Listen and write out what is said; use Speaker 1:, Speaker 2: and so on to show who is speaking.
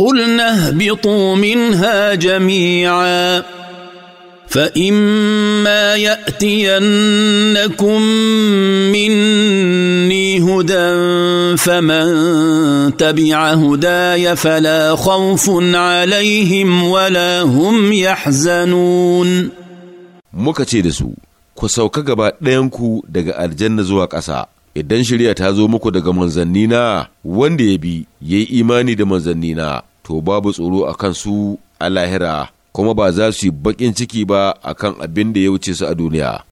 Speaker 1: قلنا اهبطوا منها جميعا فإما يأتينكم مني هدى فمن تبع هداي فلا خوف عليهم ولا هم يحزنون
Speaker 2: muka ce da su ku sauka gaba ɗayanku daga aljanna zuwa ƙasa idan shirya ta zo muku daga manzannina wanda ya bi ya yi imani da manzannina to babu tsoro a kan su a lahira kuma ba za su yi bakin ciki ba
Speaker 3: a kan abin da ya wuce su a duniya